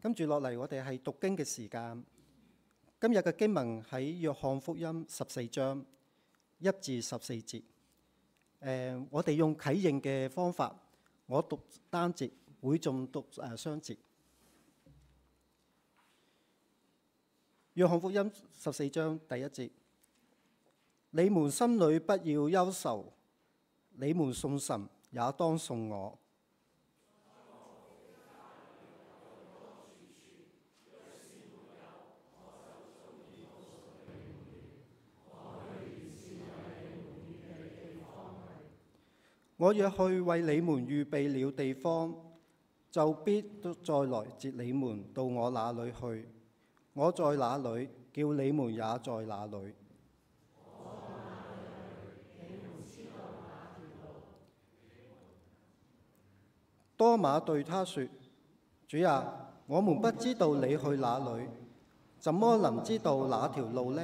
跟住落嚟，我哋係讀經嘅時間。今日嘅經文喺《約翰福音》十四章一至十四節。誒、呃，我哋用啟應嘅方法，我讀單節，會眾讀誒雙節。《約翰福音》十四章第一節：你們心裏不要憂愁，你們信神也當信我。我若去為你們預備了地方，就必再來接你們到我那裡去。我在哪裏，叫你們也在哪裏。多馬對他說：「主啊，我們不知道你去哪裏，怎麼能知道那條路呢？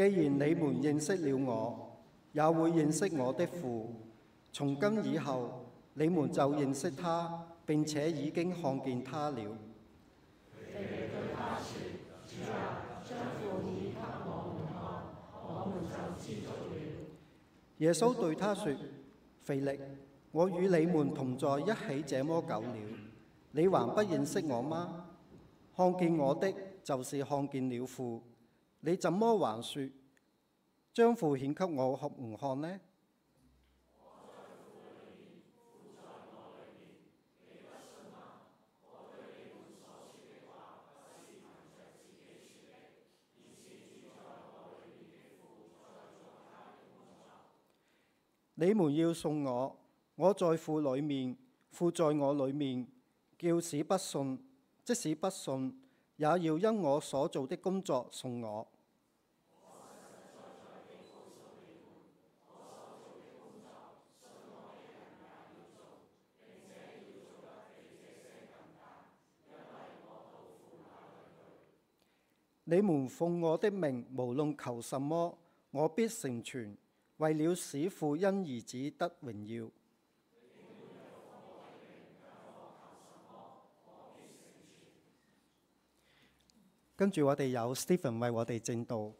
既然你們認識了我，也會認識我的父。從今以後，你們就認識他，並且已經看見他了。他他他了耶穌對他說：腓力，我與你們同在一起這麼久了，你還不認識我嗎？看見我的就是看見了父。你怎麼還説將父顯給我們看呢？你，你，們是是你們要送我，我在父裏面，父在我裏面，叫使不信，即使不信。也要因我所做的工作送我。 你們奉我的名，無論求什麼，我必成全，為了使父因兒子得榮耀。跟住我哋有 Stephen 為我哋證道。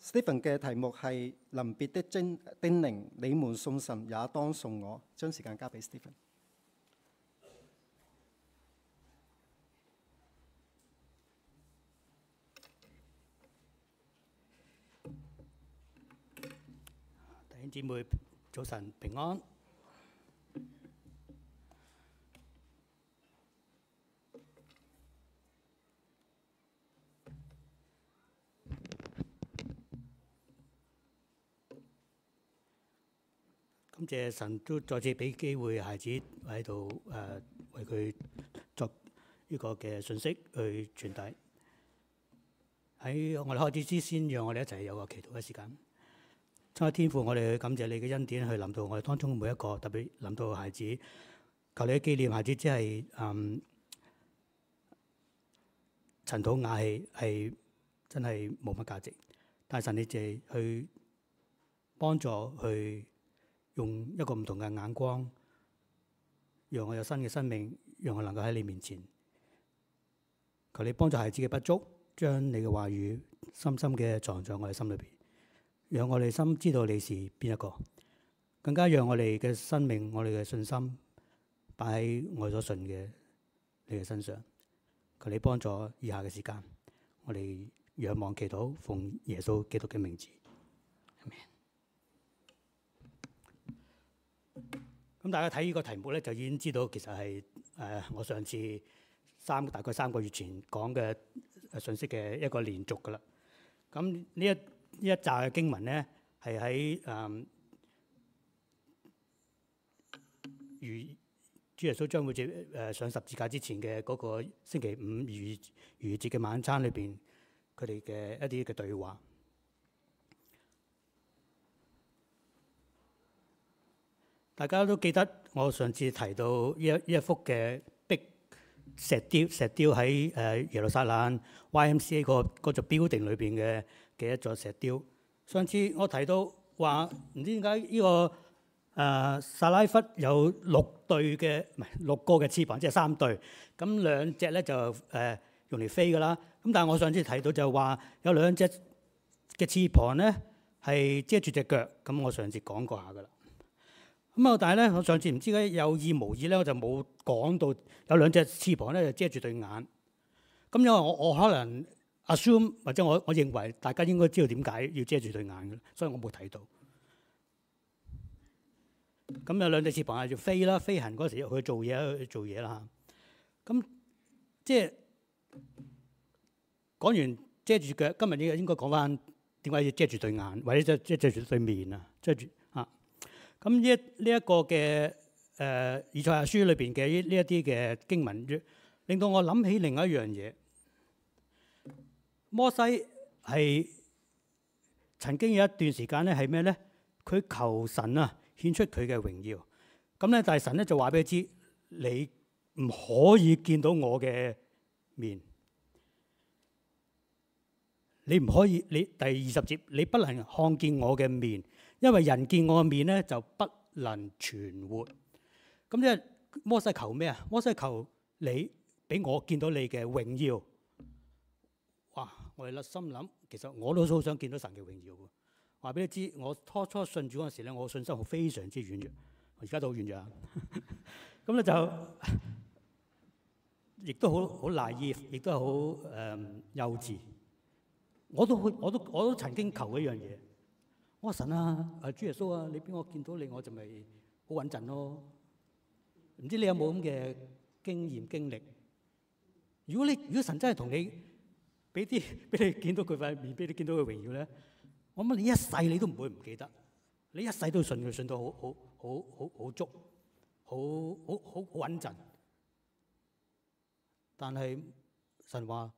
Stephen 嘅題目係臨別的叮嚀，你們信神，也當信我。將時間交俾 Stephen。弟兄姊妹，早晨平安。感謝神都再次俾機會孩子喺度誒，為佢作呢個嘅信息去傳遞。喺我哋開始之先，讓我哋一齊有個祈禱嘅時間。親愛天父，我哋去感謝你嘅恩典，去臨到我哋當中嘅每一個，特別臨到孩子。求你嘅紀念，孩子即係誒，塵土瓦器係真係冇乜價值，但係神，你淨係去幫助去。用一個唔同嘅眼光，讓我有新嘅生命，讓我能夠喺你面前。求你幫助孩子嘅不足，將你嘅話語深深嘅藏在我哋心裏邊，讓我哋心知道你是邊一個，更加讓我哋嘅生命、我哋嘅信心擺喺我所信嘅你嘅身上。求你幫助，以下嘅時間，我哋仰望祈禱，奉耶穌基督嘅名字。阿門。咁大家睇呢個題目咧，就已經知道其實係誒我上次三大概三個月前講嘅信息嘅一個連續噶啦。咁呢一呢一集嘅經文咧，係喺誒逾主耶穌將會誒、呃、上十字架之前嘅嗰個星期五逾逾越節嘅晚餐裏邊，佢哋嘅一啲嘅對話。大家都記得我上次提到呢一呢一幅嘅壁石雕。石雕喺誒耶路撒冷 YMCA 嗰座 building 裏邊嘅嘅一座石雕。上次我提到話唔知點解呢個誒撒、呃、拉弗有六對嘅唔係六個嘅翅膀，即係三對。咁兩隻咧就誒、呃、用嚟飛㗎啦。咁但係我上次提到就係話有兩隻嘅翅膀咧係遮住隻腳。咁我上次講過下㗎啦。咁啊！但係咧，我上次唔知點解有意無意咧，我就冇講到有兩隻翅膀咧就遮住對眼。咁因為我我可能 assume 或者我我認為大家應該知道點解要遮住對眼嘅，所以我冇睇到。咁有兩隻翅膀喺度飛啦，飛行嗰時去做嘢去做嘢啦。咁即係講完遮住腳，今日應應該講翻點解要遮住對眼，或者即係遮住對面啊，遮住。咁呢一呢一個嘅誒《以賽亞書》裏邊嘅呢一啲嘅經文，令到我諗起另外一樣嘢。摩西係曾經有一段時間咧，係咩咧？佢求神啊，顯出佢嘅榮耀。咁咧，但係神咧就話俾佢知：你唔可以見到我嘅面。你唔可以，你第二十節，你不能看見我嘅面。因為人見我嘅面咧就不能存活，咁即係摩西求咩啊？摩西求你俾我見到你嘅榮耀。哇！我哋啦心諗，其實我都好想見到神嘅榮耀。話俾你知，我初初信主嗰陣時咧，我信心好非常之軟弱，而家都好軟弱。咁 咧就亦都好好 naive 亦都好誒、呃、幼稚。我都去，我都我都，我都曾經求一樣嘢。我神啊，誒主耶穌啊，你俾我見到你，我就咪好穩陣咯。唔知你有冇咁嘅經驗經歷？如果你如果神真係同你俾啲俾你見到佢塊面，俾你見到佢榮耀咧，我諗你一世你都唔會唔記得，你一世都信佢，信到好好好好好足，好好好好穩陣。但係神話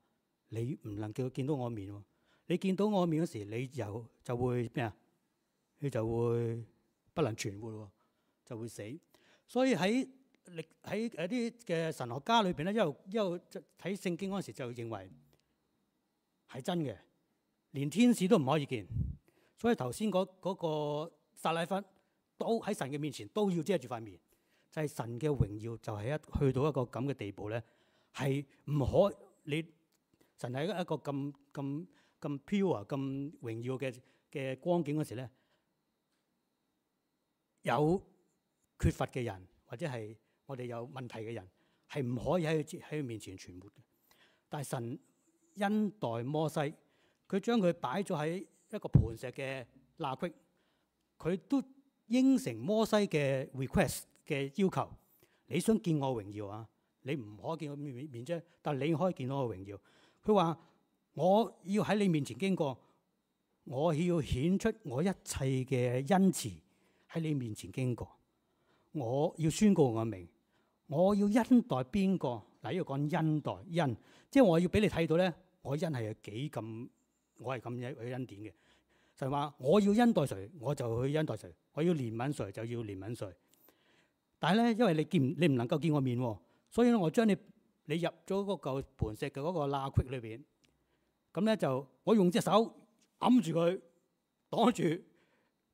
你唔能夠見到我面喎，你見到我面嗰時，你又就會咩啊？佢就會不能存活喎，就會死。所以喺歷喺誒啲嘅神學家裏邊咧，一路一路睇聖經嗰時就認為係真嘅，連天使都唔可以見。所以頭先嗰嗰個撒拉芬都喺神嘅面前都要遮住塊面，就係、是、神嘅榮耀就係一去到一個咁嘅地步咧，係唔可你神喺一個咁咁咁 pure、咁榮耀嘅嘅光景嗰時咧。有缺乏嘅人，或者係我哋有問題嘅人，係唔可以喺佢喺佢面前存活嘅。但係神恩待摩西，佢將佢擺咗喺一個磐石嘅罅隙，佢都應承摩西嘅 request 嘅要求。你想見我榮耀啊？你唔可以見我面面啫，但係你可以見到我榮耀。佢話，我要喺你面前經過，我要顯出我一切嘅恩慈。喺你面前經過，我要宣告我嘅名，我要恩待邊個？例如講恩待恩，即係我要俾你睇到咧，我恩係幾咁？我係咁樣去個恩典嘅神話。我要恩待誰，我就去恩待誰；我要憐憫誰，就要憐憫誰。但係咧，因為你見你唔能夠見我面喎，所以咧，我將你你入咗嗰嚿磐石嘅嗰個罅隙裏邊。咁咧就我用隻手揞住佢，擋住。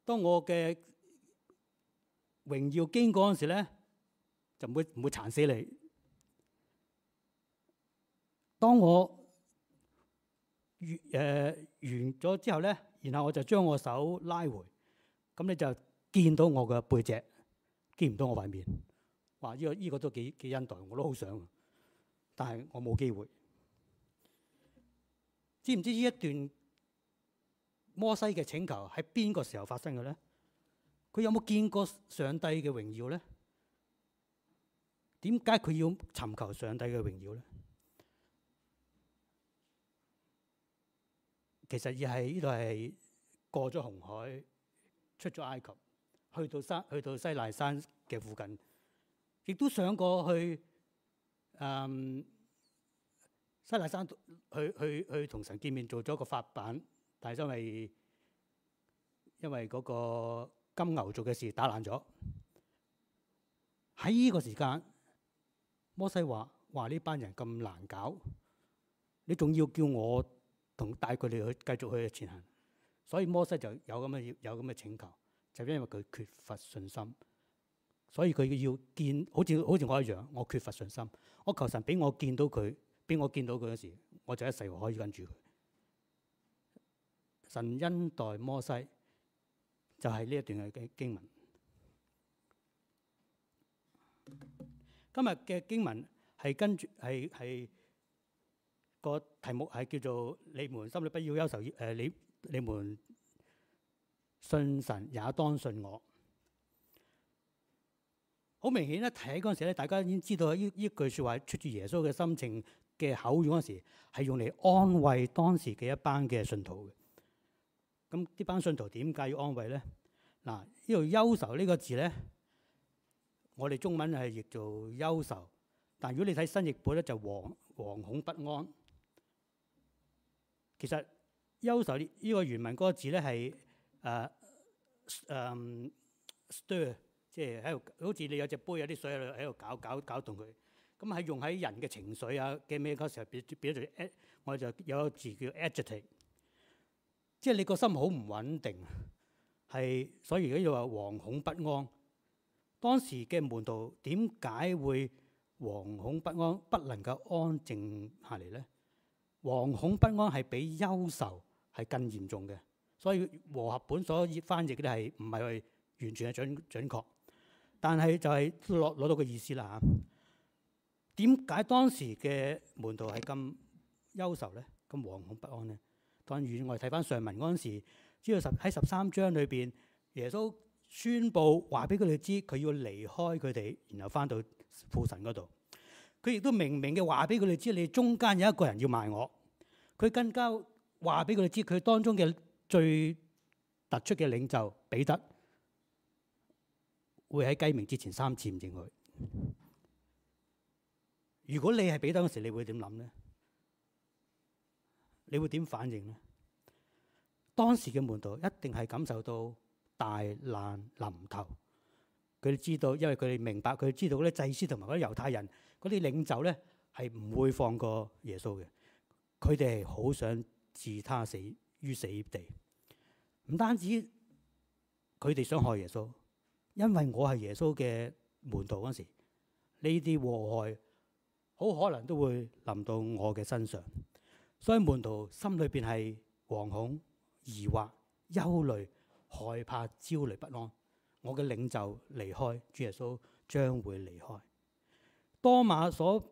當我嘅榮耀經過嗰時咧，就唔會唔會殘死你。當我、呃、完誒完咗之後咧，然後我就將我手拉回，咁你就見到我嘅背脊，見唔到我塊面。話呢、呢個呢、呢個都幾幾恩待，我都好想，但係我冇機會。知唔知呢一段摩西嘅請求喺邊個時候發生嘅咧？佢有冇見過上帝嘅榮耀咧？點解佢要尋求上帝嘅榮耀咧？其實亦係呢度係過咗紅海，出咗埃及，去到山，去到西奈山嘅附近，亦都上過去，嗯，西奈山去去去同神見面，做咗個法版，但係因為因為嗰個。金牛族嘅事打爛咗，喺呢個時間，摩西話：話呢班人咁難搞，你仲要叫我同帶佢哋去繼續去前行，所以摩西就有咁嘅有咁嘅請求，就因為佢缺乏信心，所以佢要見，好似好似我一樣，我缺乏信心，我求神俾我見到佢，俾我見到佢嗰時，我就一世可以跟住佢。神恩待摩西。就係呢一段嘅經文。今日嘅經文係跟住係係個題目係叫做：你們心裡不要憂愁，誒、呃、你你們信神也當信我。好明顯咧，睇嗰陣時咧，大家已經知道呢呢句説話出住耶穌嘅心情嘅口語嗰陣時，係用嚟安慰當時嘅一班嘅信徒嘅。咁呢班信徒點解要安慰咧？嗱，呢度憂愁呢個字咧，我哋中文係譯做憂愁，但如果你睇新譯本咧，就惶惶恐不安。其實憂愁呢個原文嗰個字咧係誒誒 stir，即係喺度，好似你有隻杯有啲水喺度喺度搞搞搞動佢。咁係用喺人嘅情緒啊，嘅咩嗰時候表表就我就有個字叫 agitate。即係你個心好唔穩定，係所以如果要話惶恐不安。當時嘅門徒點解會惶恐不安，不能夠安靜下嚟咧？惶恐不安係比憂愁係更嚴重嘅，所以和合本所翻譯嘅係唔係完全係準準確，但係就係攞攞到個意思啦吓。點解當時嘅門徒係咁憂愁咧？咁惶恐不安咧？當我哋睇翻上文嗰陣時，知道十喺十三章裏邊，耶穌宣佈話俾佢哋知佢要離開佢哋，然後翻到父神嗰度。佢亦都明明嘅話俾佢哋知，你中間有一個人要賣我。佢更加話俾佢哋知，佢當中嘅最突出嘅領袖彼得會喺雞鳴之前三次唔認佢。如果你係彼得嗰時，你會點諗咧？你會點反應咧？當時嘅門徒一定係感受到大難臨頭，佢哋知道，因為佢哋明白，佢知道啲祭司同埋嗰啲猶太人、嗰啲領袖咧，係唔會放過耶穌嘅。佢哋係好想置他死於死地，唔單止佢哋想害耶穌，因為我係耶穌嘅門徒嗰時，呢啲禍害好可能都會臨到我嘅身上。所以門徒心裏邊係惶恐、疑惑、憂慮、害怕、焦慮不安。我嘅領袖離開，主耶穌將會離開。多馬所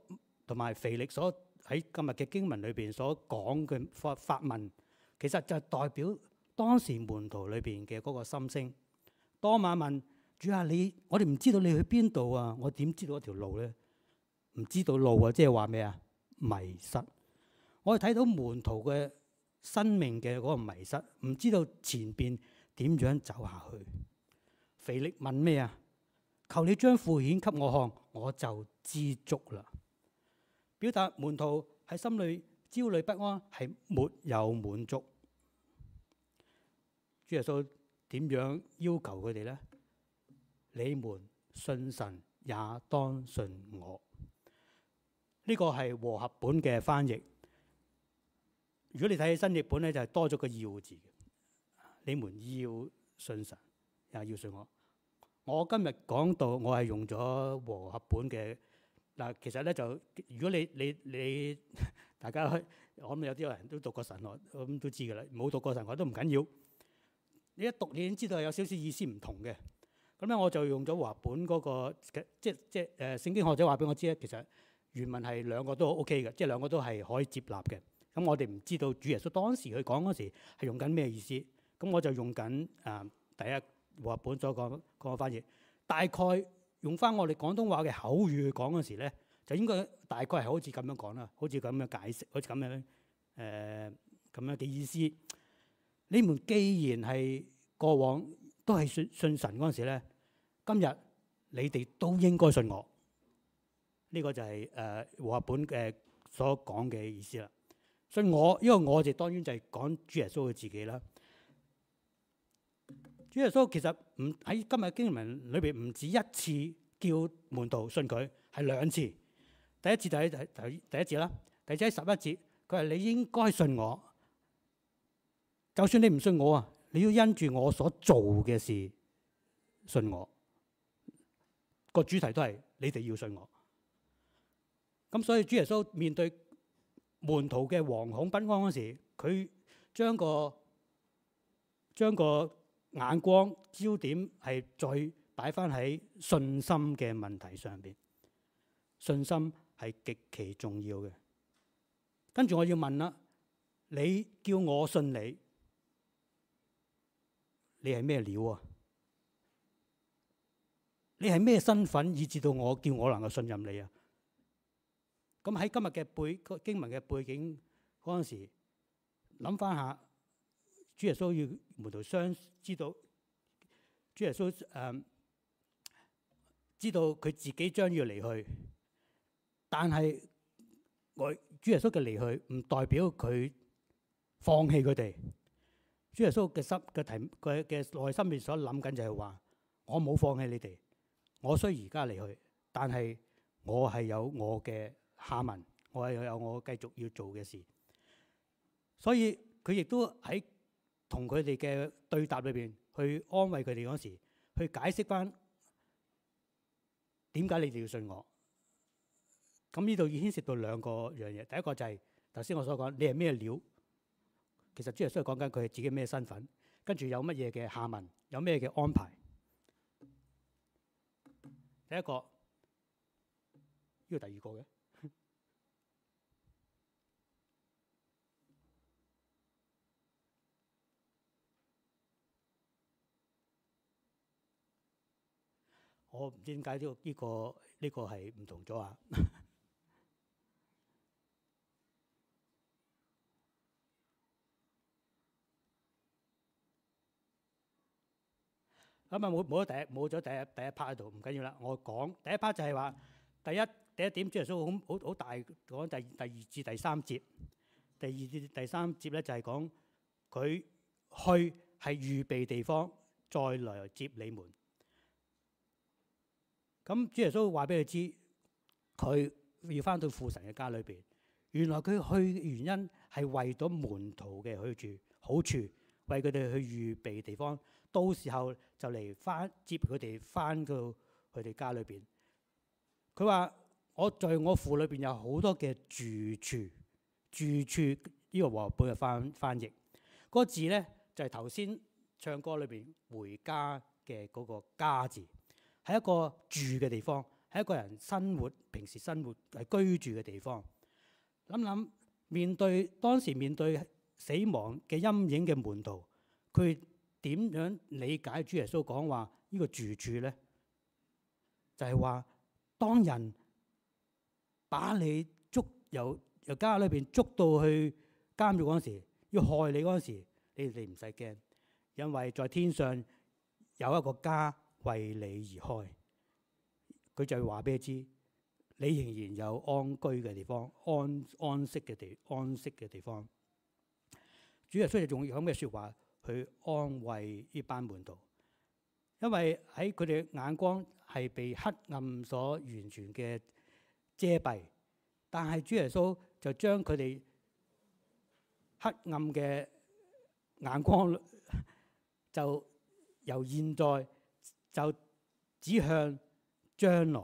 同埋腓力所喺今日嘅經文裏邊所講嘅發問，其實就係代表當時門徒裏邊嘅嗰個心聲。多馬問主啊，你我哋唔知道你去邊度啊？我點知道一條路咧？唔知道路啊，即係話咩啊？迷失。我哋睇到門徒嘅生命嘅嗰個迷失，唔知道前邊點樣走下去。腓力問咩啊？求你將父顯給我看，我就知足啦。表達門徒喺心裏焦慮不安，係沒有滿足。主耶穌點樣要求佢哋咧？你們信神，也當信我。呢個係和合本嘅翻譯。如果你睇起新譯本咧，就係多咗個要字。你們要信神，又要信我。我今日講到，我係用咗和合本嘅嗱。其實咧，就如果你你你大家可能有啲人都讀過神學，咁都知㗎啦。冇讀過神學都唔緊要。你一讀，你已經知道有少少意思唔同嘅。咁咧，我就用咗和合本嗰個嘅，即即誒聖經學者話俾我知咧，其實原文係兩個都 OK 嘅，即兩個都係可以接納嘅。咁、嗯、我哋唔知道主耶穌當時佢講嗰時係用緊咩意思，咁我就用緊誒、呃、第一和合本所講講嘅翻譯，大概用翻我哋廣東話嘅口語去講嗰時咧，就應該大概係好似咁樣講啦，好似咁樣解釋，好似咁樣誒咁、呃、樣嘅意思。你們既然係過往都係信信神嗰陣時咧，今日你哋都應該信我。呢、這個就係、是、誒、呃、和合本嘅所講嘅意思啦。所以我，因為我哋當然就係講主耶穌佢自己啦。主耶穌其實唔喺今日經文裏邊唔止一次叫門徒信佢，係兩次。第一次就喺第第一節啦，第二次喺十一節，佢話你應該信我。就算你唔信我啊，你要因住我所做嘅事信我。個主題都係你哋要信我。咁所以主耶穌面對門徒嘅惶恐不安嗰時，佢將個將個眼光焦點係再擺翻喺信心嘅問題上邊。信心係極其重要嘅。跟住我要問啦：你叫我信你，你係咩料啊？你係咩身份，以至到我叫我能夠信任你啊？咁喺今日嘅背經文嘅背景嗰陣時，諗翻下，主耶穌要門徒相知道，主耶穌誒知道佢自己將要離去，但係我主耶穌嘅離去唔代表佢放棄佢哋。主耶穌嘅心嘅題，佢嘅內心面所諗緊就係話：我冇放棄你哋，我雖而家離去，但係我係有我嘅下文我係有我繼續要做嘅事，所以佢亦都喺同佢哋嘅對答裏邊去安慰佢哋嗰時，去解釋翻點解，你哋要信我。咁呢度已經牽涉到兩個樣嘢，第一個就係頭先我所講你係咩料，其實主要係講緊佢自己咩身份，跟住有乜嘢嘅下文，有咩嘅安排。第一個呢個第二個嘅。我唔知點解呢個呢、這個呢、這個係唔同咗啊！ 咁啊，冇冇咗第一，冇咗第一第一 part 喺度，唔緊要啦。我講第一 part 就係話第一第一點，主耶穌好好好大講第第二至第三節。第二至第三節咧，就係講佢去係預備地方，再來接你們。咁主耶穌話俾佢知，佢要翻到父神嘅家裏邊。原來佢去嘅原因係為咗門徒嘅去住好處，為佢哋去預備地方，到時候就嚟翻接佢哋翻到佢哋家裏邊。佢話：我在我父裏邊有好多嘅住處，住處呢、呢個和合本嘅翻翻譯，嗰個字咧就係頭先唱歌裏邊回家嘅嗰個家字。係一個住嘅地方，係一個人生活、平時生活、係居住嘅地方。諗諗面對當時面對死亡嘅陰影嘅門徒，佢點樣理解主耶穌講話、這個、呢個住處咧？就係、是、話，當人把你捉由由家裏邊捉到去監獄嗰時，要害你嗰時，你哋唔使驚，因為在天上有一個家。為你而開，佢就要話俾你知，你仍然有安居嘅地方、安安息嘅地、安息嘅地方。主耶穌仲有咩説話去安慰呢班門徒？因為喺佢哋眼光係被黑暗所完全嘅遮蔽，但係主耶穌就將佢哋黑暗嘅眼光就由現在，就指向將來，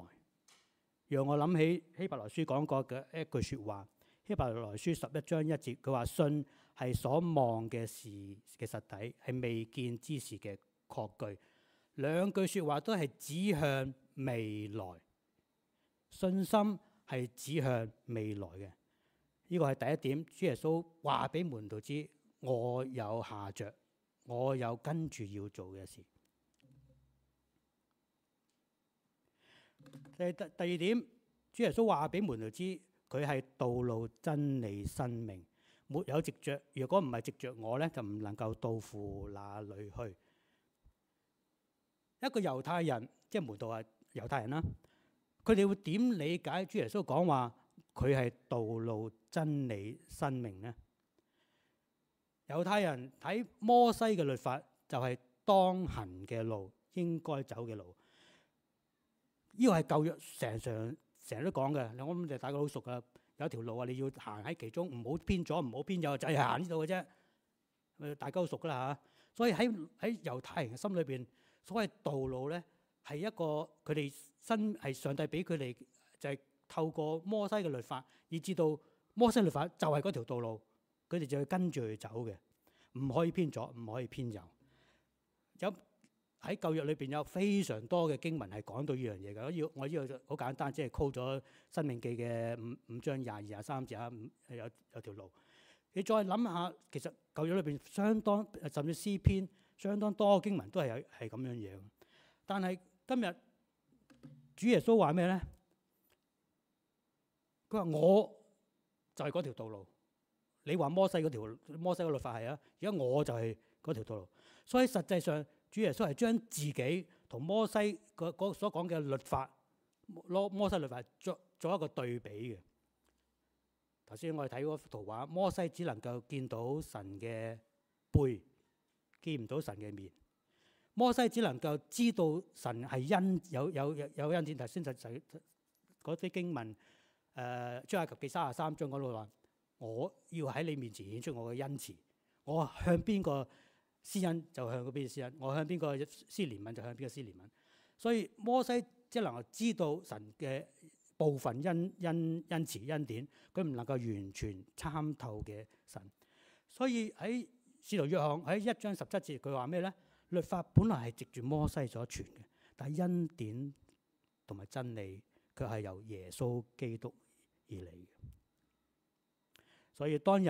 讓我諗起希伯來書講過嘅一句說話。希伯來書十一章一節，佢話信係所望嘅事嘅實體，係未見之事嘅確據。兩句說話都係指向未來，信心係指向未來嘅。呢個係第一點。主耶穌話俾門徒知，我有下着，我有跟住要做嘅事。第第第二點，主耶穌話俾門徒知，佢係道路、真理、生命，沒有藉著。如果唔係藉著我咧，就唔能夠到父那裏去。一個猶太人，即係門徒係猶太人啦，佢哋會點理解主耶穌講話佢係道路、真理、生命呢？猶太人睇摩西嘅律法就係、是、當行嘅路，應該走嘅路。呢個係舊約成常成日都講嘅，你我諗就大家好熟㗎。有條路啊，你要行喺其中，唔好偏左，唔好偏右，就係行呢度嘅啫。大家好熟噶啦嚇。所以喺喺猶太人嘅心裏邊，所謂道路咧，係一個佢哋新係上帝俾佢哋，就係透過摩西嘅律法，以至到摩西律法就係嗰條道路，佢哋就要跟住去走嘅，唔可以偏左，唔可以偏右。有。喺舊約裏邊有非常多嘅經文係講到呢樣嘢嘅。我要我呢個好簡單，即係 quote 咗《生命記》嘅五五章廿二字、廿三節啊，有有條路。你再諗下，其實舊約裏邊相當甚至詩篇相當多經文都係有係咁樣嘢。但係今日主耶穌話咩咧？佢話我就係嗰條道路。你話摩西嗰條摩西嗰律法係啊，而家我就係嗰條道路。所以實際上，主耶穌係將自己同摩西嗰所講嘅律法攞摩西律法做做一個對比嘅。頭先我哋睇嗰幅圖畫，摩西只能夠見到神嘅背，見唔到神嘅面。摩西只能夠知道神係恩有有有恩典，頭先實實嗰啲經文誒《出、呃、埃及記》三十三章嗰度話，我要喺你面前顯出我嘅恩慈，我向邊個？施恩就向邊個施恩，我向邊個施憐憫就向邊個施憐憫。所以摩西即係能夠知道神嘅部分恩恩恩慈恩典，佢唔能夠完全參透嘅神。所以喺使徒約翰喺一章十七節，佢話咩咧？律法本來係藉住摩西所傳嘅，但恩典同埋真理佢係由耶穌基督而嚟嘅。所以當日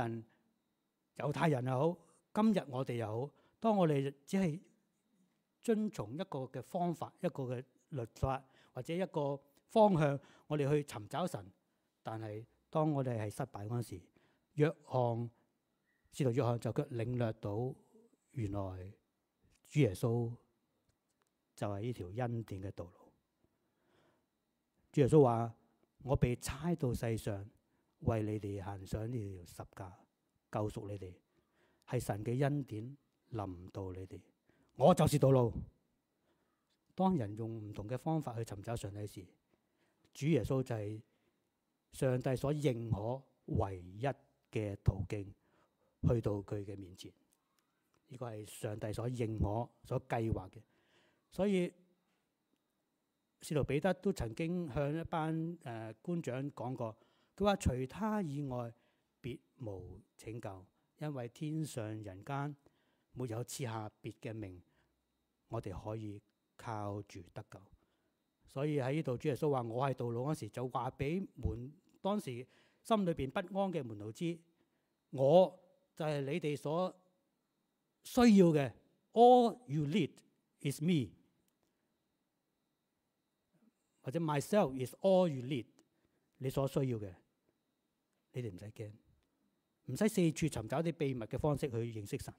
猶太人又好，今日我哋又好。當我哋只係遵從一個嘅方法、一個嘅律法或者一個方向，我哋去尋找神。但係當我哋係失敗嗰陣時，約翰，使徒約翰就卻領略到原來主耶穌就係呢條恩典嘅道路。主耶穌話：我被差到世上，為你哋行上呢條十架，救贖你哋，係神嘅恩典。臨到你哋，我就是道路。當人用唔同嘅方法去尋找上帝時，主耶穌就係上帝所認可唯一嘅途徑，去到佢嘅面前。呢個係上帝所認可、所計劃嘅。所以，使徒彼得都曾經向一班誒、呃、官長講過，佢話：除他以外，別無拯救，因為天上人間、人間。沒有賜下別嘅命，我哋可以靠住得救。所以喺呢度，主耶穌話：我係道路嗰時，就話俾門當時心裏邊不安嘅門徒知，我就係你哋所需要嘅。All you need is me，或者 myself is all you need。你所需要嘅，你哋唔使驚，唔使四處尋找啲秘密嘅方式去認識神。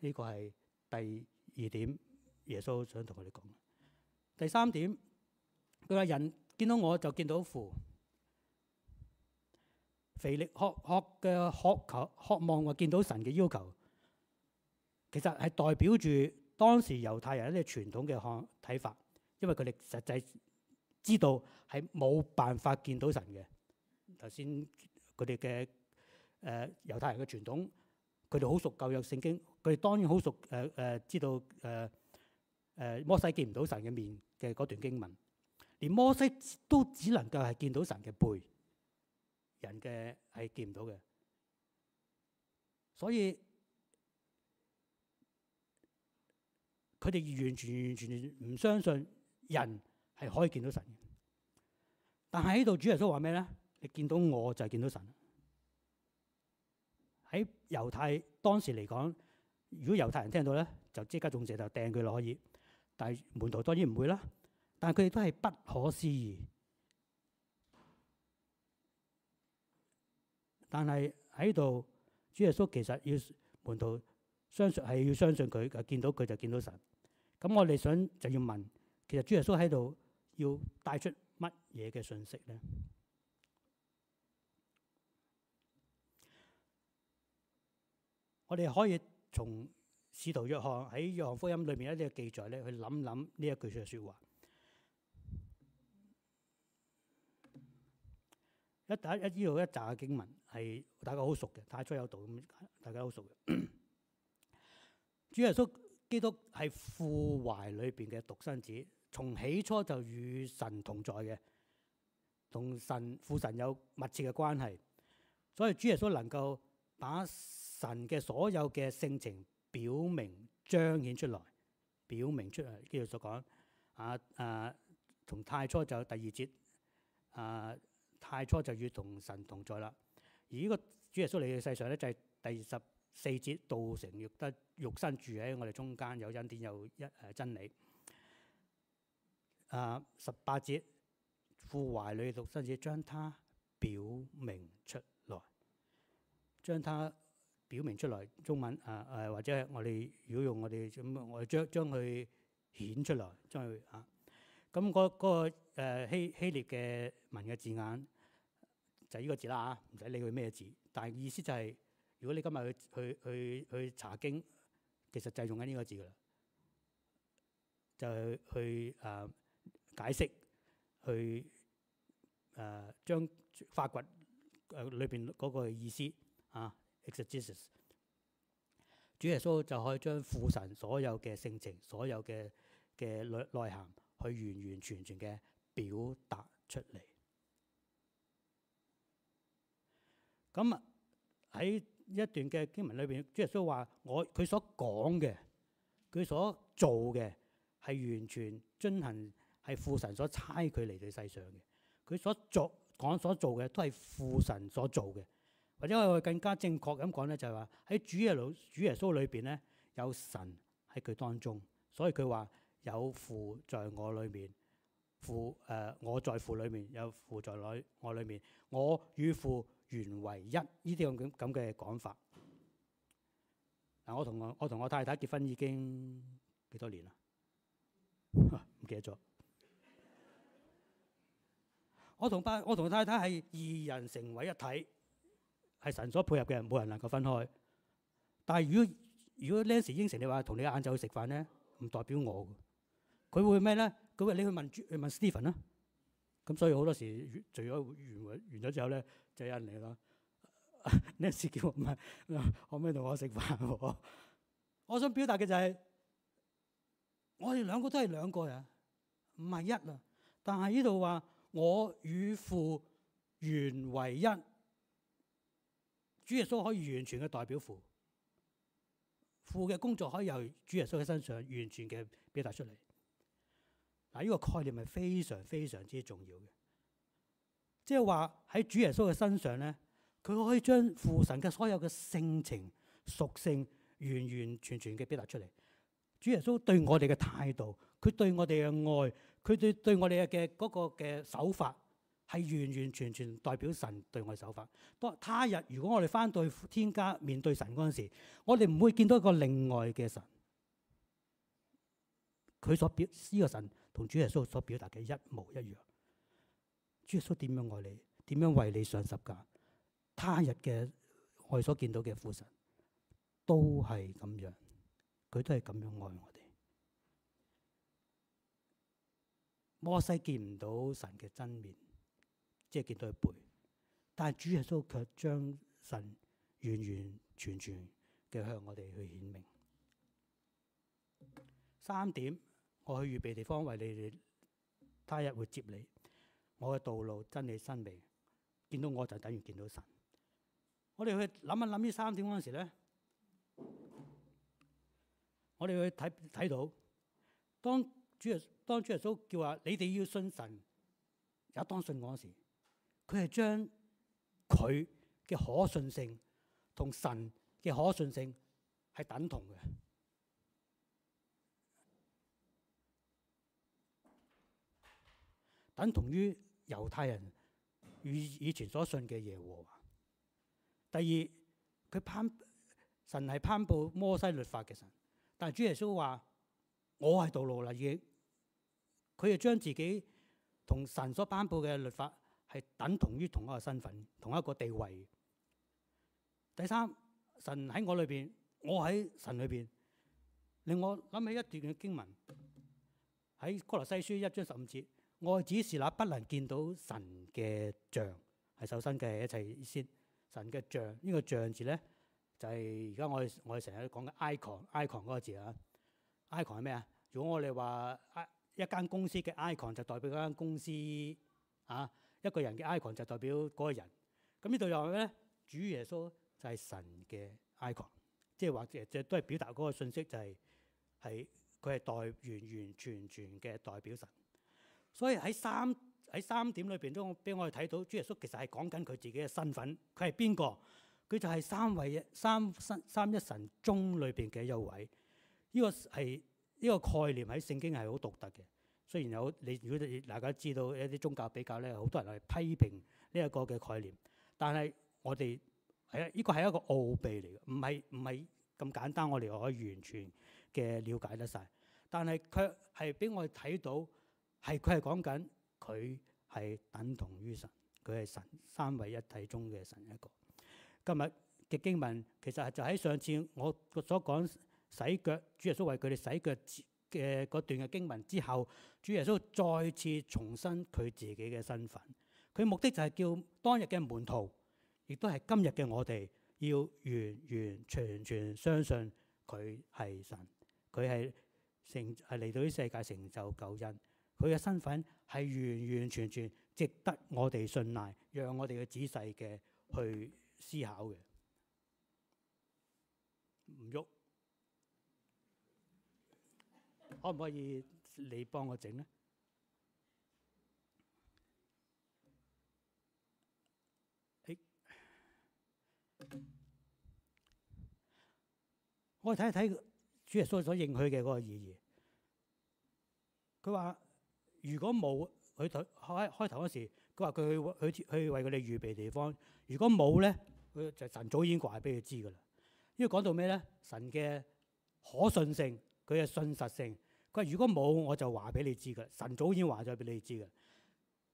呢個係第二點，耶穌想同佢哋講。第三點，佢話人見到我就見到父，腓力渴渴嘅渴求、渴望我見到神嘅要求，其實係代表住當時猶太人一啲傳統嘅看睇法，因為佢哋實際知道係冇辦法見到神嘅。頭先佢哋嘅誒猶太人嘅傳統，佢哋好熟舊約聖經。佢哋當然好熟誒誒，呃，知道誒誒，呃呃，摩西見唔到神嘅面嘅嗰段經文，連摩西都只能夠係見到神嘅背，人嘅係見唔到嘅。所以佢哋完全完全唔相信人係可以見到神嘅。但係喺度，主耶穌話咩咧？你見到我就係、是、見到神。喺猶太當時嚟講。如果猶太人聽到咧，就即刻中石頭就掟佢落去。但係門徒當然唔會啦，但係佢哋都係不可思議。但係喺度，主耶穌其實要門徒相信係要相信佢，見到佢就見到神。咁我哋想就要問，其實主耶穌喺度要帶出乜嘢嘅信息咧？我哋可以。從使徒約翰喺約翰福音裏面咧，呢個記載咧，去諗諗呢一句說話。一打一知道一紮經文係大家好熟嘅，太初有道咁，大家好熟嘅。主耶穌基督係父懷裏邊嘅獨生子，從起初就與神同在嘅，同神、父神有密切嘅關係，所以主耶穌能夠把。神嘅所有嘅性情表明彰顯出來，表明出嚟。叫做所講啊，誒、呃，從太初就有第二節，誒、啊，太初就與同神同在啦。而呢個主耶穌嚟到世上咧，就係、是、第十四節，道成肉得肉身住喺我哋中間，有恩典，有一誒、啊、真理。誒、啊，十八節，父懷裏獨生子且將他表明出來，將他。表明出來中文啊，誒或者係我哋如果用我哋咁，我將將佢顯出來，將佢啊咁嗰嗰個誒、那個呃、希希臘嘅文嘅字眼就係呢個字啦嚇，唔、啊、使理佢咩字，但係意思就係、是、如果你今日去去去去，去，去查經，其實就係用緊呢個字噶啦，就去去誒、啊、解釋去誒、啊、將發掘誒裏邊嗰個意思啊。主耶穌就可以將父神所有嘅性情、所有嘅嘅內內涵，去完完全全嘅表達出嚟。咁喺一段嘅經文裏邊，主耶穌話：我佢所講嘅、佢所做嘅，係完全遵行，係父神所差佢嚟到世上嘅。佢所做講所做嘅，都係父神所做嘅。或者我會更加正確咁講咧，就係話喺主耶路主耶穌裏邊咧，有神喺佢當中，所以佢話有父在我裏面，父誒、呃、我在父裏面，有父在裏我裏面，我與父原為一，呢啲咁咁嘅講法。嗱，我同我我同我太太結婚已經幾多年啦？唔 記得咗。我同爸我同太太係二人成為一體。係神所配合嘅人，冇人能夠分開。但係如果如果 Nancy 應承你話同你晏晝去食飯咧，唔代表我。佢會咩咧？佢話你去問問 Steven 啦。咁所以好多時聚咗完完咗之後咧，就有人嚟啦。Nancy 叫我問可唔可以同我食飯？我想表達嘅就係我哋兩個都係兩個人，唔係一啊。但係呢度話我與父原為一。主耶穌可以完全嘅代表父，父嘅工作可以由主耶穌嘅身上完全嘅表達出嚟。嗱，呢個概念係非常非常之重要嘅，即係話喺主耶穌嘅身上咧，佢可以將父神嘅所有嘅性情、屬性，完完全全嘅表達出嚟。主耶穌對我哋嘅態度，佢對我哋嘅愛，佢對對我哋嘅嘅嗰個嘅手法。係完完全全代表神對我嘅手法。當他日如果我哋翻對天家面對神嗰陣時，我哋唔會見到一個另外嘅神。佢所表呢個神同主耶穌所表達嘅一模一樣。主耶穌點樣愛你，點樣為你上十架，他日嘅我哋所見到嘅父神都係咁樣，佢都係咁樣愛我哋。摩西見唔到神嘅真面。即係見到佢背，但係主耶穌卻將神完完全全嘅向我哋去顯明。三點，我去預備地方為你哋，他日會接你。我嘅道路真理生命，見到我就等於見到神。我哋去諗一諗呢三點嗰陣時咧，我哋去睇睇到，當主耶穌當主耶穌叫話你哋要信神，也當信我嗰時。佢係將佢嘅可信性同神嘅可信性係等同嘅，等同於猶太人以以前所信嘅耶和華。第二，佢攀神係頒布摩西律法嘅神，但係主耶穌話我係道路啦，而佢又將自己同神所頒布嘅律法。等同於同一個身份，同一個地位。第三，神喺我裏邊，我喺神裏邊。令我諗起一段嘅經文喺《歌羅西書》一章十五節：我只是那不能見到神嘅像，係首生嘅一切先神嘅像。呢個像字咧，就係而家我哋我哋成日講嘅 icon icon 嗰個字啊。icon 係咩啊？如果我哋話一間公司嘅 icon 就代表嗰間公司啊。一個人嘅 icon 就代表嗰個人，咁呢度又係咩咧？主耶穌就係神嘅 icon，即係話即係都係表達嗰個信息，就係，就係係佢係代完完全全嘅代表神。所以喺三喺三點裏邊都俾我哋睇到，主耶穌其實係講緊佢自己嘅身份，佢係邊個？佢就係三位三三一神宗裏邊嘅一位。呢、呢個係呢、呢個概念喺聖經係好獨特嘅。雖然有你，如果大家知道一啲宗教比較咧，好多人去批評呢一個嘅概念，但係我哋係呢個係一個奧秘嚟嘅，唔係唔係咁簡單，我哋可以完全嘅了解得晒，但係佢係俾我哋睇到，係佢係講緊佢係等同於神，佢係神三位一體中嘅神一個。今日嘅經文其實就喺上次我所講洗腳，主耶穌為佢哋洗腳。嘅嗰段嘅經文之後，主耶穌再次重申佢自己嘅身份。佢目的就係叫當日嘅門徒，亦都係今日嘅我哋，要完完全全相信佢係神，佢係成係嚟到呢世界成就救恩。佢嘅身份係完完全全值得我哋信賴，讓我哋嘅仔細嘅去思考嘅。唔喐。可唔可以你幫我整咧？ 我睇一睇主耶穌所應許嘅嗰個意義。佢話：如果冇佢開開頭嗰時，佢話佢去去去為佢哋預備地方。如果冇咧，佢就神早已經話俾佢知噶啦。因為講到咩咧？神嘅可信性，佢嘅信實性。佢如果冇，我就話俾你知嘅。神早已經話咗俾你知嘅。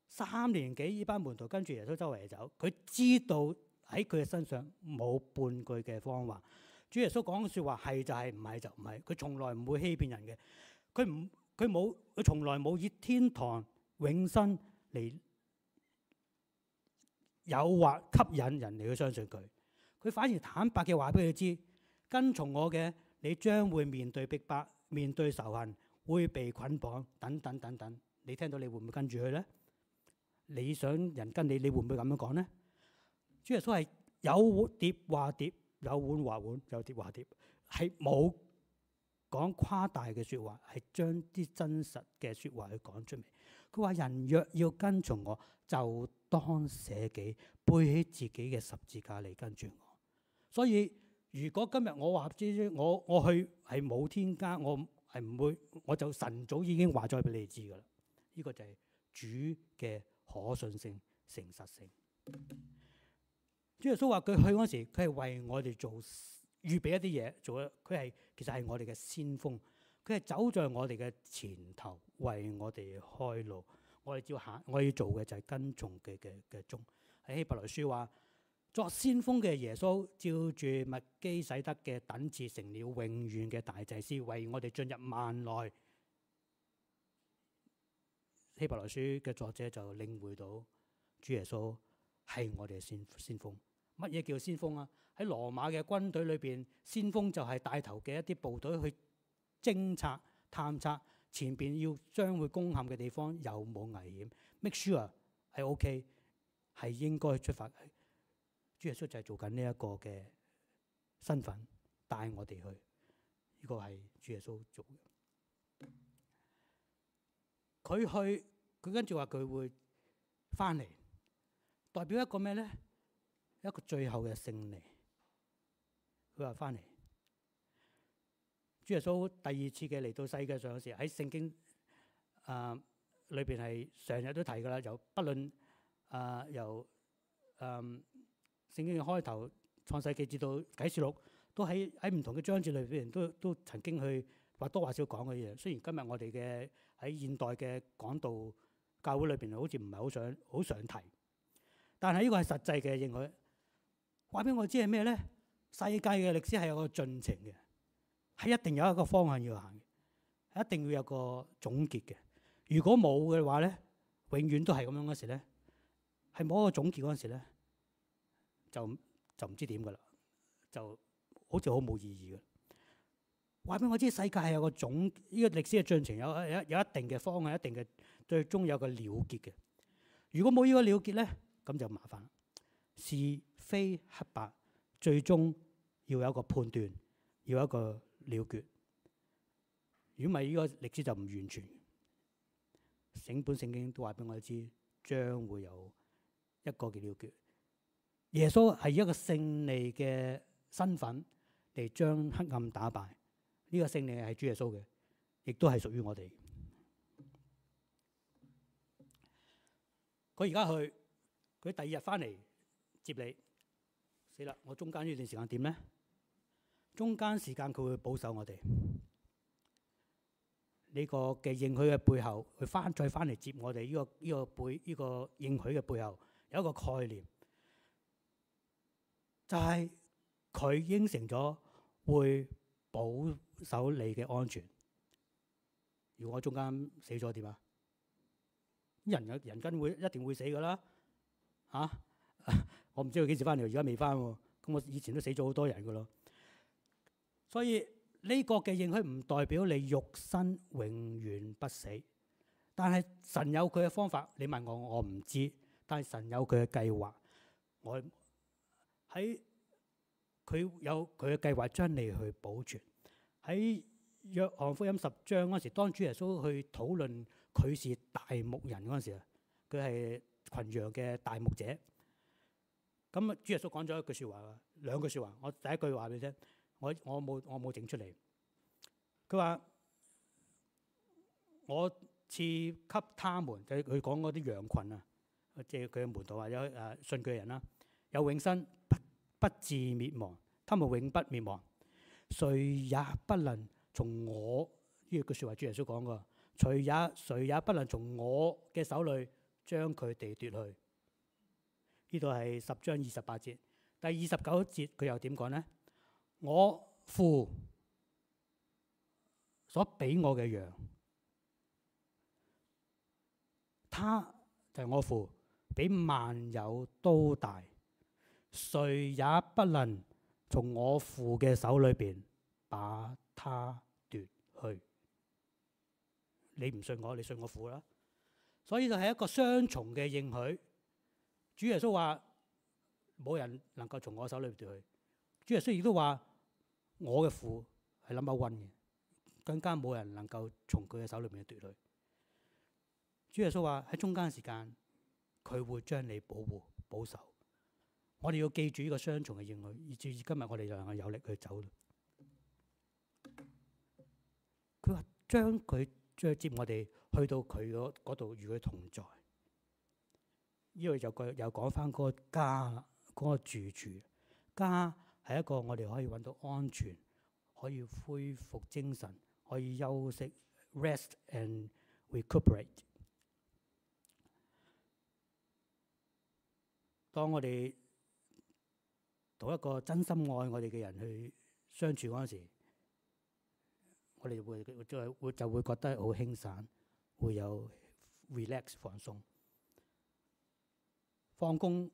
三年幾呢班門徒跟住耶穌周圍走，佢知道喺佢嘅身上冇半句嘅謊話。主耶穌講嘅説話係就係、是，唔係就唔係。佢從來唔會欺騙人嘅。佢唔佢冇佢從來冇以天堂永生嚟誘惑吸引人嚟去相信佢。佢反而坦白嘅話俾你知，跟從我嘅，你將會面對逼迫，面對仇恨。會被捆綁，等等等等。你聽到，你會唔會跟住佢咧？你想人跟你，你會唔會咁樣講咧？主耶穌係有碗碟話碟，有碗話碗，有碟話碟，係冇講誇大嘅説話，係將啲真實嘅説話去講出嚟。佢話：人若要跟從我，就當捨己，背起自己嘅十字架嚟跟住我。所以如果今日我話啲，我我去係冇添加我。係唔會，我就晨早已經話咗俾你哋知噶啦。呢、這個就係主嘅可信性、誠實性。主耶穌話：佢去嗰時，佢係為我哋做預備一啲嘢，做佢係其實係我哋嘅先鋒，佢係走在我哋嘅前頭，為我哋開路。我哋照下我要做嘅就係跟從嘅嘅嘅中。喺希伯來書話。作先鋒嘅耶穌，照住麥基洗德嘅等次，成了永遠嘅大祭司，為我哋進入幔內。希伯來書嘅作者就領會到主耶穌係我哋嘅先先鋒。乜嘢叫先鋒啊？喺羅馬嘅軍隊裏邊，先鋒就係帶頭嘅一啲部隊去偵察、探測前邊要將會攻陷嘅地方有冇危險，make sure 係 O K，係應該出發。主耶穌就係做緊呢一個嘅身份，帶我哋去。呢個係主耶穌做嘅。佢去，佢跟住話佢會翻嚟，代表一個咩咧？一個最後嘅勝利。佢話翻嚟，主耶穌第二次嘅嚟到世界上嘅時候，喺聖經啊裏邊係成日都提噶啦，就不論啊、呃、由嗯。呃聖經嘅開頭創世記至到啟示錄，都喺喺唔同嘅章節裏邊都都曾經去或多或少講嘅嘢。雖然今日我哋嘅喺現代嘅講道教會裏邊好似唔係好想好想提，但係呢個係實際嘅應許。話俾我知係咩咧？世界嘅歷史係有個進程嘅，係一定有一個方向要行嘅，係一定要有個總結嘅。如果冇嘅話咧，永遠都係咁樣嗰時咧，係冇一個總結嗰時咧。就就唔知點噶啦，就好似好冇意義嘅。話俾我知世界係有個總，呢個歷史嘅進程有有有一定嘅方向、一定嘅最終有個了結嘅。如果冇呢個了結咧，咁就麻煩。是非黑白最終要有一個判斷，要有一個了結。如果唔係，呢個歷史就唔完全。整本聖經都話俾我知，將會有一個嘅了結。耶穌係以一個勝利嘅身份嚟將黑暗打敗，呢、這個勝利係主耶穌嘅，亦都係屬於我哋。佢而家去，佢第二日翻嚟接你，死啦！我中間呢段時間點咧？中間時間佢會保守我哋呢、這個嘅應許嘅背後，佢翻再翻嚟接我哋呢個呢個背呢、這個應許嘅背後有一個概念。但係佢應承咗會保守你嘅安全。如果我中間死咗點啊？人嘅人間會一定會死噶啦，嚇、啊！ 我唔知佢幾時翻嚟，而家未翻。咁我以前都死咗好多人噶咯。所以呢、這個嘅應許唔代表你肉身永遠不死，但係神有佢嘅方法。你問我，我唔知。但係神有佢嘅計劃，我。喺佢有佢嘅計劃將你去保存。喺約翰福音十章嗰時，當主耶穌去討論佢是大牧人嗰陣時啊，佢係群羊嘅大牧者。咁啊，主耶穌講咗一句説話啦，兩句説話。我第一句話俾你聽，我我冇我冇整出嚟。佢話，我賜給他們，即係佢講嗰啲羊群啊，即係佢嘅門徒或者誒信佢嘅人啦，有永生。不至滅亡，他們永不滅亡。誰也不能從我呢句、這個、說話，主耶穌講噶，誰也誰也不能從我嘅手裏將佢哋奪去。呢度係十章二十八節，第二十九節佢又點講咧？我父所俾我嘅羊，他就係我父，比萬有都大。誰也不能從我父嘅手裏邊把他奪去。你唔信我，你信我父啦。所以就係一個雙重嘅應許。主耶穌話冇人能夠從我手裏奪去。主耶穌亦都話我嘅父係諗下運嘅，更加冇人能夠從佢嘅手裏邊去奪去。主耶穌話喺中間時間，佢會將你保護保守。我哋要記住呢個雙重嘅應許，以至於今日我哋仲係有力去走。佢話將佢將接我哋去到佢嗰度與佢同在。呢個就又講翻嗰個家，嗰個住處。家係一個我哋可以揾到安全，可以恢復精神，可以休息 （rest and recuperate）。當我哋同一個真心愛我哋嘅人去相處嗰陣時，我哋會再就會覺得好輕散，會有 relax 放，放鬆。放工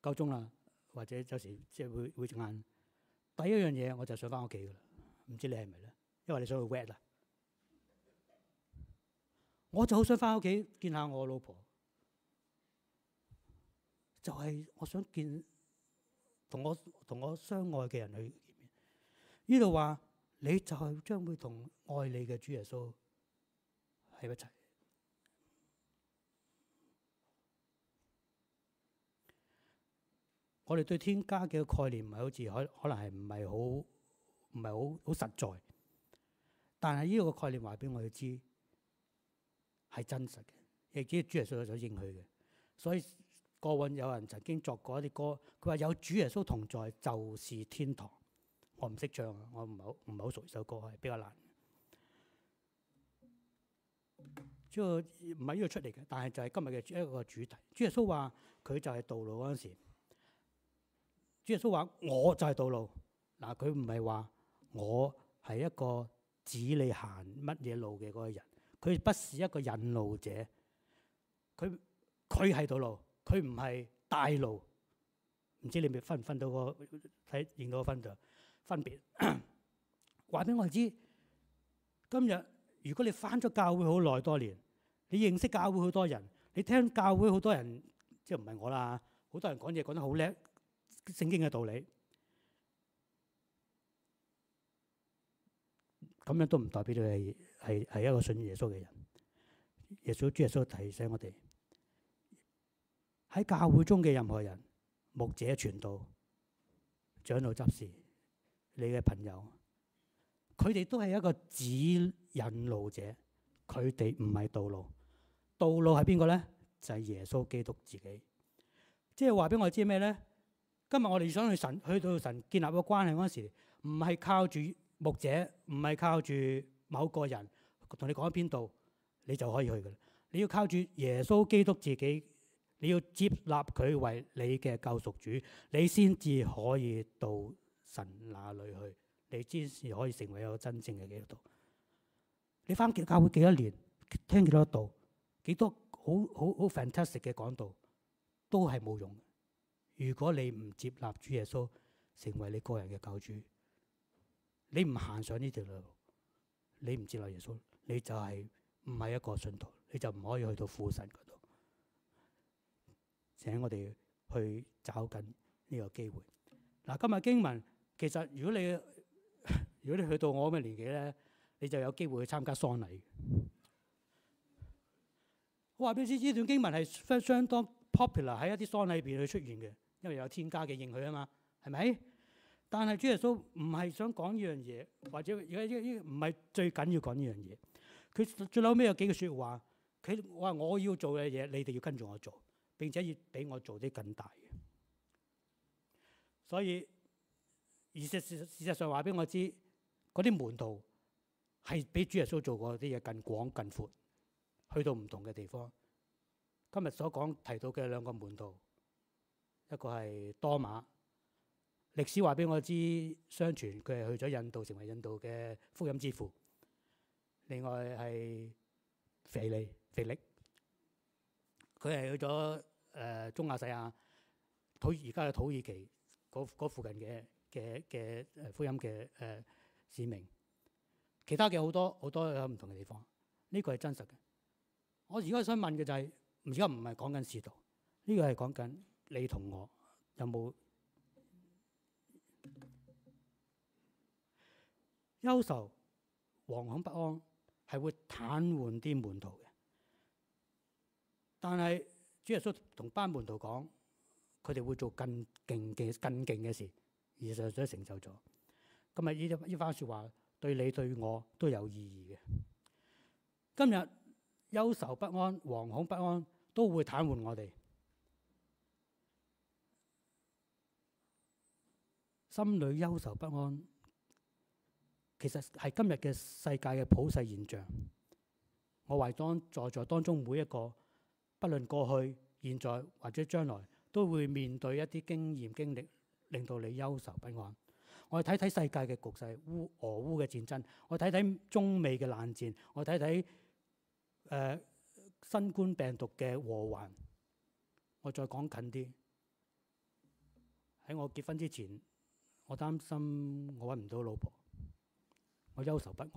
夠鐘啦，或者有時即係會會晏。第一樣嘢我就想翻屋企㗎啦，唔知你係咪咧？因為你想去 wet 啦，我就好想翻屋企見下我老婆，就係、是、我想見。同我同我相愛嘅人去見面，呢度話你就係將會同愛你嘅主耶穌喺一齊。我哋對天家嘅概念唔係好似可可能係唔係好唔係好好實在，但係呢個概念話俾我哋知係真實嘅，亦即係主耶穌所應許嘅，所以。過往有人曾經作過一啲歌，佢話有主耶穌同在就是天堂。我唔識唱啊，我唔好唔好熟呢首歌，係比較難。呢個唔係呢個出嚟嘅，但係就係今日嘅一個主題。主耶穌話佢就係道路嗰陣時，主耶穌話我就係道路。嗱，佢唔係話我係一個指你行乜嘢路嘅嗰個人，佢不是一個引路者，佢佢係道路。佢唔係大路，唔知你咪分唔分到個睇認到個分就分別。話俾我知，今日如果你返咗教會好耐多年，你認識教會好多人，你聽教會好多人，即係唔係我啦？好多人講嘢講得好叻，聖經嘅道理，咁樣都唔代表你係係係一個信耶穌嘅人。耶穌主耶穌提醒我哋。喺教會中嘅任何人，牧者傳道、長老執事，你嘅朋友，佢哋都係一個指引路者。佢哋唔係道路，道路係邊個咧？就係耶穌基督自己。即係話俾我知咩咧？今日我哋想去神，去到神建立一個關係嗰時，唔係靠住牧者，唔係靠住某個人同你講喺邊度，你就可以去噶啦。你要靠住耶穌基督自己。你要接納佢為你嘅救贖主，你先至可以到神那裏去，你先至可以成為一個真正嘅基督徒。你翻教會幾多年，聽幾多道，幾多好好好 fantastic 嘅講道，都係冇用。如果你唔接納主耶穌成為你個人嘅救主，你唔行上呢條路，你唔接納耶穌，你就係唔係一個信徒，你就唔可以去到父神。請我哋去找緊呢個機會。嗱，今日經文其實，如果你如果你去到我咁嘅年紀咧，你就有機會去參加喪禮。我話俾你知，呢段經文係相相當 popular 喺一啲喪禮入邊去出現嘅，因為有添加嘅應許啊嘛，係咪？但係主耶穌唔係想講呢樣嘢，或者而家呢呢唔係最緊要講呢樣嘢。佢最後尾有幾句說話，佢話我要做嘅嘢，你哋要跟住我做。並且要俾我做啲更大嘅，所以而實事事實上話俾我知，嗰啲門徒係比主耶穌做過啲嘢更廣更闊，去到唔同嘅地方。今日所講提到嘅兩個門徒，一個係多馬，歷史話俾我知，相傳佢係去咗印度，成為印度嘅福音之父。另外係腓利腓力。佢係去咗誒、呃、中亞細亞土而家嘅土耳其附近嘅嘅嘅福音嘅誒使命，其他嘅好多好多有唔同嘅地方。呢、這個係真實嘅。我而家想問嘅就係、是，而家唔係講緊使徒，呢、這個係講緊你同我有冇憂愁、惶恐不安，係會癱瘓啲門徒嘅。但係，主耶穌同班門徒講，佢哋會做更勁嘅、更勁嘅事，而實實都成就咗。今日呢啲呢番説話對你對我都有意義嘅。今日憂愁不安、惶恐不安都會癱瘓我哋心裏憂愁不安，其實係今日嘅世界嘅普世現象。我為當在座，座當中每一個。不論過去、現在或者將來，都會面對一啲經驗經歷，令到你憂愁不安。我哋睇睇世界嘅局勢，烏俄烏嘅戰爭；我睇睇中美嘅冷戰；我睇睇誒新冠病毒嘅禍患。我再講近啲，喺我結婚之前，我擔心我揾唔到老婆，我憂愁不安。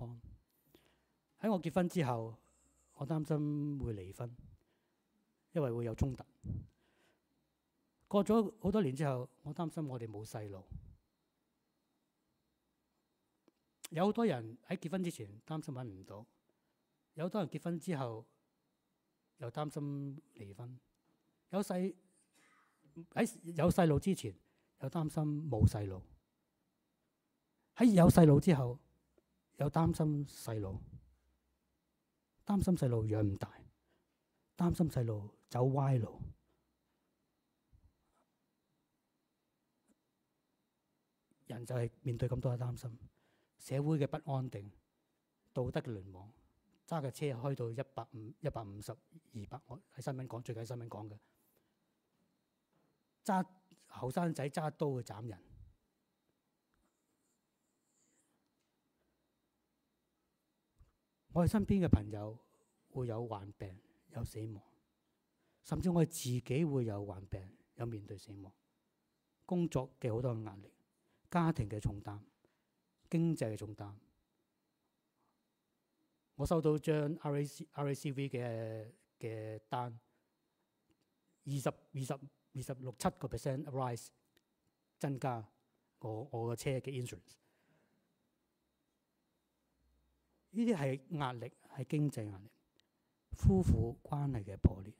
喺我結婚之後，我擔心會離婚。因為會有衝突。過咗好多年之後，我擔心我哋冇細路。有好多人喺結婚之前擔心搵唔到，有好多人結婚之後又擔心離婚。有細喺有細路之前又擔心冇細路，喺有細路之後又擔心細路，擔心細路養唔大，擔心細路走歪路，人就係面對咁多嘅擔心，社會嘅不安定，道德嘅淪亡，揸架車開到一百五、一百五十、二百，我喺新聞講，最近新聞講嘅揸後生仔揸刀去斬人。我哋身邊嘅朋友會有患病、有死亡。甚至我自己會有患病，有面對死亡、工作嘅好多壓力、家庭嘅重擔、經濟嘅重擔。我收到張 RAC RACV 嘅嘅單，二十二十二十六七個 percent a rise 增加我我嘅車嘅 insurance。呢啲係壓力，係經濟壓力、夫婦關係嘅破裂。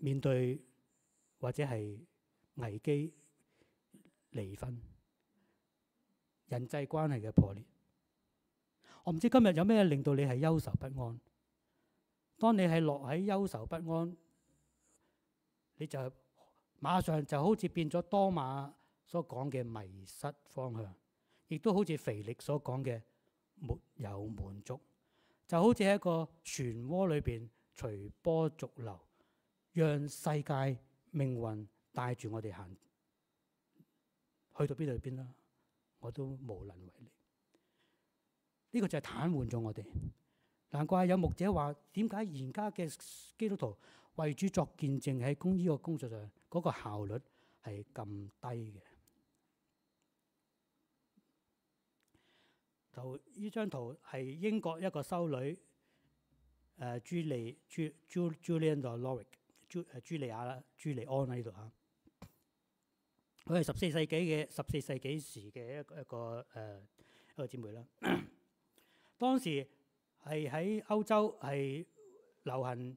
面對或者係危機、離婚、人際關係嘅破裂，我唔知今日有咩令到你係憂愁不安。當你係落喺憂愁不安，你就馬上就好似變咗多馬所講嘅迷失方向，亦都、嗯、好似腓力所講嘅沒有滿足，就好似喺一個漩渦裏邊隨波逐流。讓世界命運帶住我哋行，去到邊度就邊啦，我都無能為力。呢個就係癱瘓咗我哋。難怪有牧者話：點解而家嘅基督徒為主作見證喺公醫個工作上，嗰個效率係咁低嘅？就呢張圖係英國一個修女，誒朱莉朱朱 Julianne Lorick。朱誒朱莉亞啦，朱莉安喺呢度嚇，佢係十四世紀嘅，十四世紀時嘅一一個誒一、呃、一個姊妹啦、啊。當時係喺歐洲係流行誒、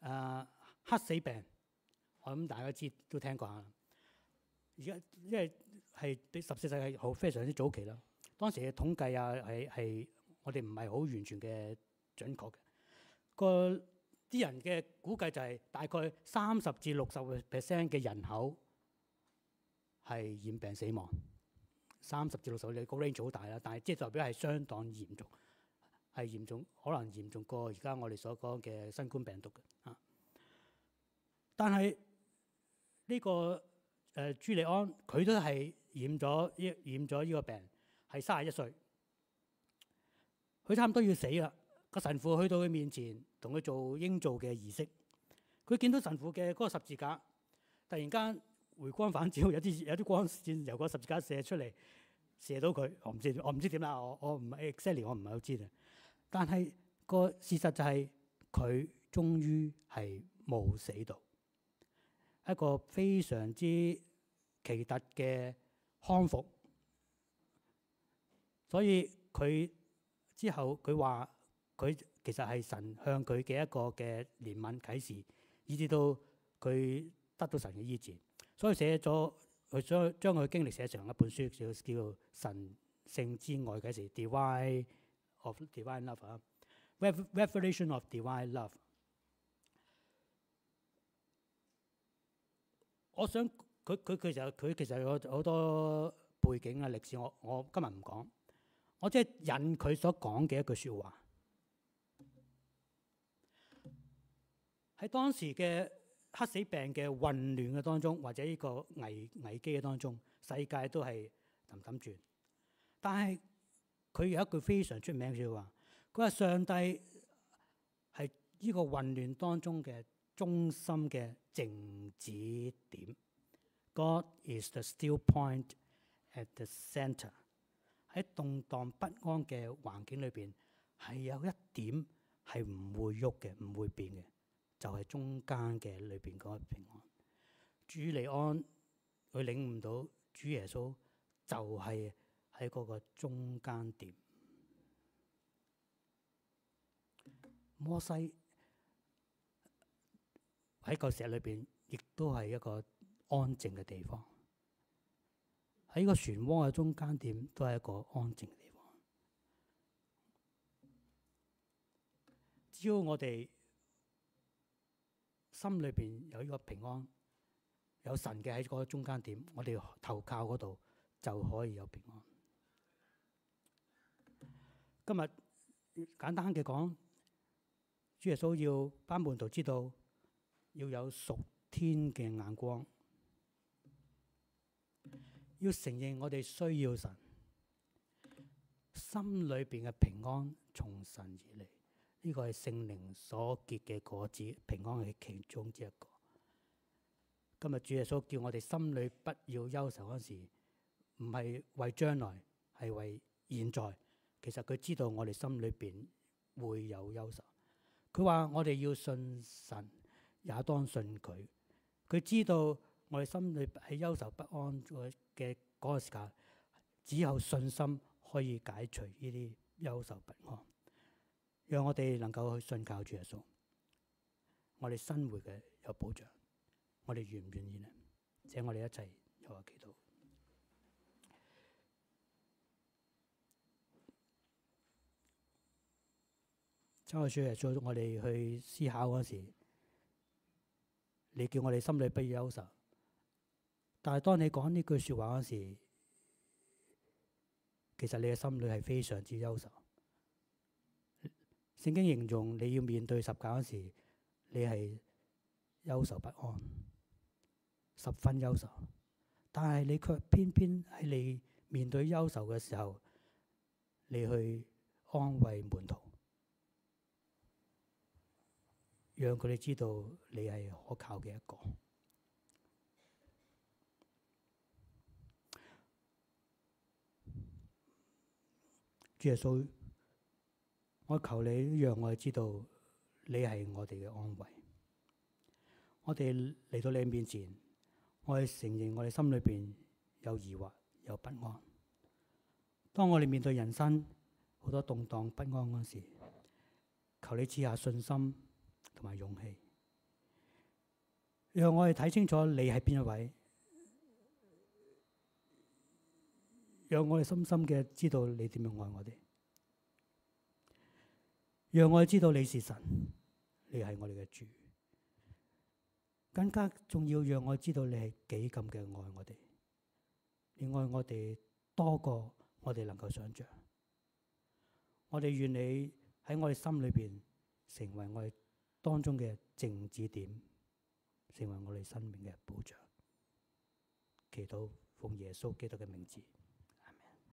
啊、黑死病，我諗大家知都聽過嚇。而家因為係喺十四世紀好非常之早期啦，當時嘅統計啊係係我哋唔係好完全嘅準確嘅、嗰個。啲人嘅估計就係大概三十至六十個 percent 嘅人口係染病死亡，三十至六十，你個 range 好大啦。但係即係代表係相當嚴重，係嚴重，可能嚴重過而家我哋所講嘅新冠病毒嘅。啊，但係呢個誒朱利安佢都係染咗依染咗依個病，係三十一歲，佢差唔多要死啦。個神父去到佢面前。同佢做應做嘅儀式，佢見到神父嘅嗰個十字架，突然間回光返照，有啲有啲光線由個十字架射出嚟，射到佢。我唔知，我唔知點啦。我我唔係 exactly 我唔係好知啊。但係個事實就係佢終於係冇死到，一個非常之奇特嘅康復。所以佢之後佢話佢。其實係神向佢嘅一個嘅憐憫啟示，以至到佢得到神嘅醫治，所以寫咗佢將將佢經歷寫成一本書，叫叫《神聖之外嘅事》（Divine of Divine Love） 啊，Reve Revelation of Divine Love）。我想佢佢其實佢其實有好多背景啊、歷史，我我今日唔講，我即係引佢所講嘅一句説話，喺當時嘅黑死病嘅混亂嘅當中，或者呢個危危機嘅當中，世界都係氹氹轉。但係佢有一句非常出名嘅說話，佢話上帝係呢個混亂當中嘅中心嘅靜止點。God is the still point at the centre。喺動盪不安嘅環境裏邊，係有一點係唔會喐嘅，唔會變嘅。就係中間嘅裏邊嗰個平安，朱利安佢領悟到主耶穌就係喺嗰個中間點。摩西喺個石裏邊，亦都係一個安靜嘅地方。喺個漩渦嘅中間點，都係一個安靜嘅地方。只要我哋，心裏邊有一個平安，有神嘅喺嗰個中間點，我哋投靠嗰度就可以有平安。今日簡單嘅講，主耶穌要班門徒知道要有屬天嘅眼光，要承認我哋需要神，心裏邊嘅平安從神而嚟。呢個係聖靈所結嘅果子，平安係其中之一個。今日主耶穌叫我哋心裏不要憂愁嗰時，唔係為將來，係為現在。其實佢知道我哋心裏邊會有憂愁。佢話我哋要信神，也當信佢。佢知道我哋心裏喺憂愁不安嘅嗰個時間，只有信心可以解除呢啲憂愁不安。讓我哋能夠去信靠住耶穌，我哋生活嘅有保障，我哋願唔願意呢？請我哋一齊祈禱。在耶穌耶穌，我哋去思考嗰時，你叫我哋心裏不要憂愁，但係當你講呢句說話嗰時，其實你嘅心裏係非常之憂愁。聖經形容你要面對十架嗰時，你係憂愁不安，十分憂愁。但係你卻偏偏喺你面對憂愁嘅時候，你去安慰門徒，讓佢哋知道你係可靠嘅一個。主耶穌。 我求你讓我哋知道你係我哋嘅安慰。我哋嚟到你面前，我哋承認我哋心裏邊有疑惑，有不安。當我哋面對人生好多動盪不安嗰陣時，求你賜下信心同埋勇氣，讓我哋睇清楚你係邊一位，讓我哋深深嘅知道你點樣愛我哋。讓我知道你是神，你係我哋嘅主，更加仲要。讓我知道你係幾咁嘅愛我哋，你愛我哋多過我哋能夠想象。我哋願你喺我哋心裏邊成為我哋當中嘅靜止點，成為我哋生命嘅保障。祈禱，奉耶穌基督嘅名字。